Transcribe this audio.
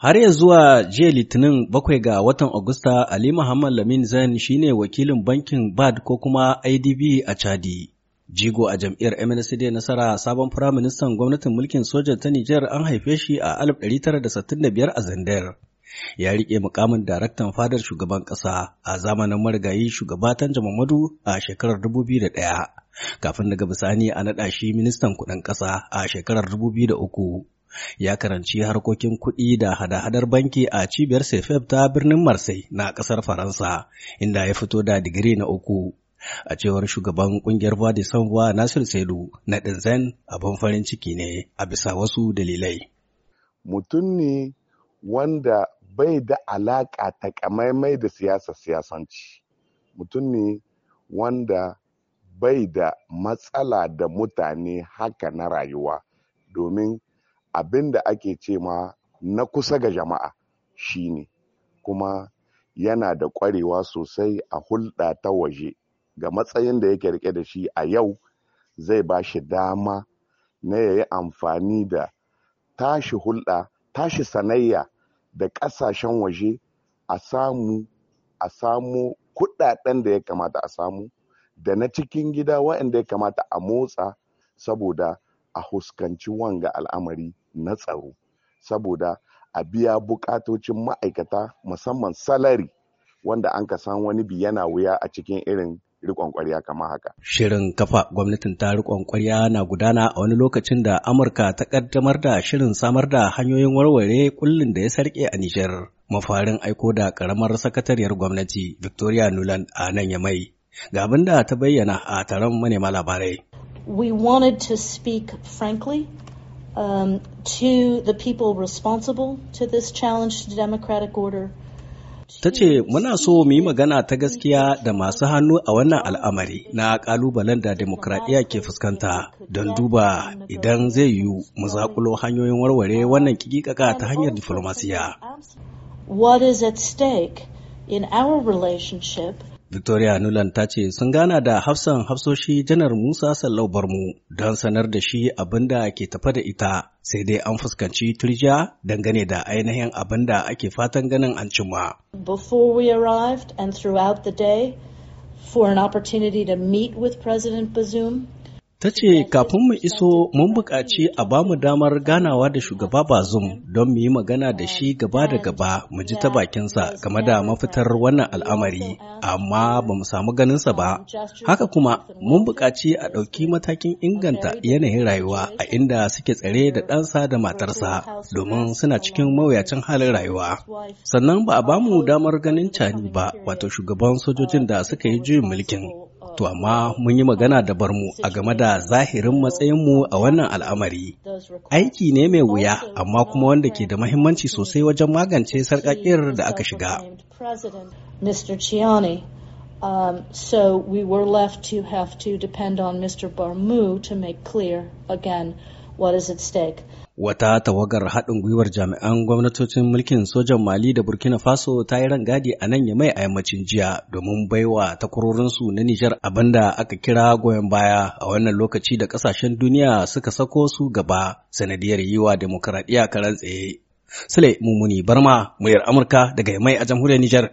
Har ya zuwa jiya Litinin bakwai ga watan Agusta, Ali Muhammad Lamin Zain shine wakilin bankin BAD ko kuma IDB a Chadi. Jigo a jam'iyyar MNCD nasara sabon firaministan gwamnatin mulkin sojan ta Nijar an haife shi a 1965 a Zandar. Ya rike mukamin daraktan fadar shugaban ƙasa a zamanin marigayi Shugabatan Jamamadu a shekarar 2001, kafin daga bisani a naɗa shi ministan kuɗin ƙasa a shekarar 2003. ya karanci harkokin kuɗi da hada-hadar banki a cibiyar Sefeb ta birnin Marseille na ƙasar Faransa, inda ya fito da digiri na uku. A cewar shugaban ƙungiyar Voix de Sanvoix Nasir Saidu na ɗinzen abin farin ciki ne a bisa wasu dalilai. Mutum ne wanda bai da alaƙa takamaimai da siyasa siyasanci. Mutum ne wanda bai da matsala da mutane haka na rayuwa domin abin da ake ce ma na kusa ga jama'a shi ne. kuma yana da ƙwarewa sosai a hulɗa ta waje ga matsayin da yake rike da shi a yau zai ba shi dama na ya yi amfani da tashi hulɗa tashi sanayya da ƙasashen waje a samu a samu kuɗaɗen da ya kamata a samu da na cikin gida waɗanda ya kamata a motsa saboda a huskanci wanga al'amari na tsaro saboda a biya bukatocin ma'aikata musamman salari wanda an ka san wani biyana wuya a cikin irin rikon kwarya kamar haka. Shirin kafa gwamnatin ta rikon kwarya na gudana a wani lokacin da Amurka ta ƙaddamar da shirin samar da hanyoyin warware kullum da ya sarƙe a Nijar. Mafarin aiko da karamar sakatariyar gwamnati Victoria Nuland a nan ya mai. Ga abin da ta bayyana a taron manema labarai. we wanted to speak frankly um, to the people responsible to this challenge to democratic order. Ta ce, Muna so mu yi magana ta gaskiya da masu hannu a wannan al'amari na ƙalubalen da demokradiyya ke fuskanta don duba idan zai yiwu mu zaƙulo hanyoyin warware wannan kikikaka ta hanyar diflomasiya. What is at stake in our relationship Victoria nulan ta ce sun gana da hafsan hafsoshi janar Musa Sallau Barmu don sanar da shi abin da ke tafa da ita sai dai an fuskanci turja dangane da ainihin abin da ake fatan ganin an cimma. Before we arrived and throughout the day for an opportunity to meet with President Bazoum Ta ce kafin mu iso mun buƙaci a ba mu damar ganawa da shugaba Bazum don mu yi magana da shi gaba da gaba mu ji ta bakinsa game da mafitar wannan al'amari, amma ba mu samu ganinsa ba. Haka kuma mun buƙaci a ɗauki matakin inganta yanayin rayuwa a inda suke tsare da ɗansa da matarsa domin suna cikin mawuyacin halin rayuwa. Sannan ba a ba mu damar ganin cani ba wato shugaban sojojin da suka yi juyin mulkin. To amma mun yi magana da barmu a game da zahirin matsayinmu a wannan al'amari. Aiki ne mai wuya amma kuma wanda ke da mahimmanci sosai wajen magance sarƙaƙiyar da aka shiga. Um, so we were left to have to depend on Mr. Barmu to make clear again what is at stake. Wata tawagar haɗin gwiwar jami'an gwamnatocin mulkin sojan Mali da Burkina Faso ta yi rangadi a nan Yamai a yammacin jiya domin baiwa takwarorinsu na Nijar abinda aka kira goyon baya a wannan lokaci da ƙasashen duniya suka sako su gaba sanadiyar yiwa demokaradiyya karan tsaye. Sule Mumuni Barma, muryar Amurka daga Yamai a jamhuriyar Nijar.